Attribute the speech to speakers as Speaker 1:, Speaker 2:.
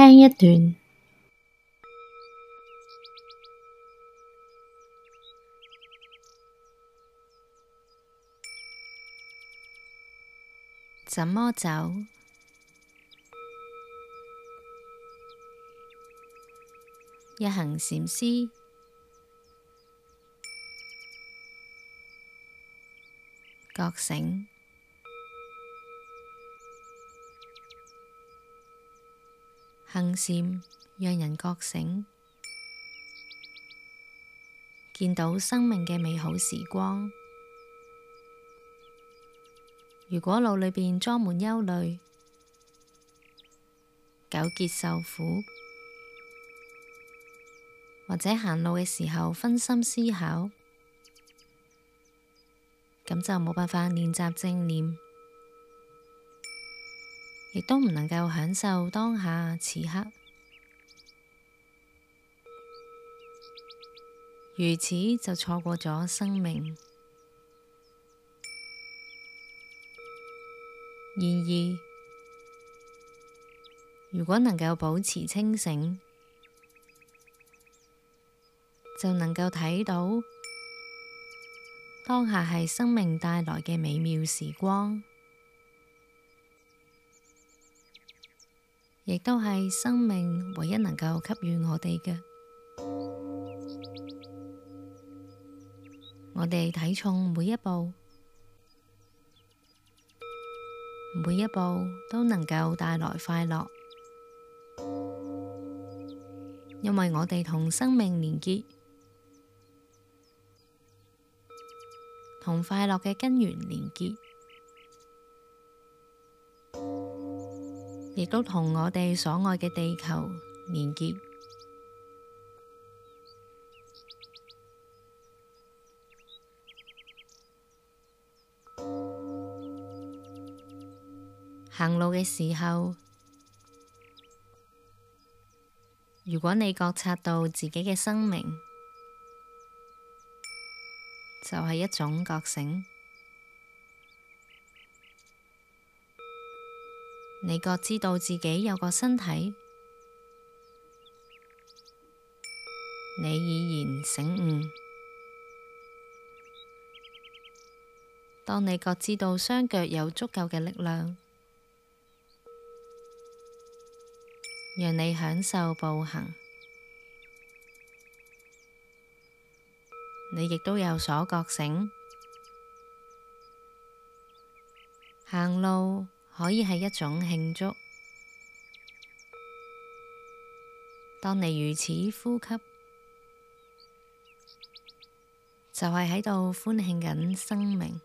Speaker 1: 聽一段，怎麼走？一行禪思，覺醒。更善，讓人覺醒，見到生命嘅美好時光。如果腦裏邊裝滿憂慮、糾結、受苦，或者行路嘅時候分心思考，咁就冇辦法練習正念。亦都唔能夠享受當下此刻，如此就錯過咗生命。然而，如果能夠保持清醒，就能夠睇到當下係生命帶來嘅美妙時光。亦都係生命唯一能夠給予我哋嘅。我哋體重每一步，每一步都能夠帶來快樂，因為我哋同生命連結，同快樂嘅根源連結。亦都同我哋所愛嘅地球連結。行路嘅時候，如果你覺察到自己嘅生命，就係一種覺醒。你覺知道自己有個身體，你已然醒悟。當你覺知道雙腳有足夠嘅力量，讓你享受步行，你亦都有所覺醒，行路。可以係一種慶祝，當你如此呼吸，就係喺度歡慶緊生命。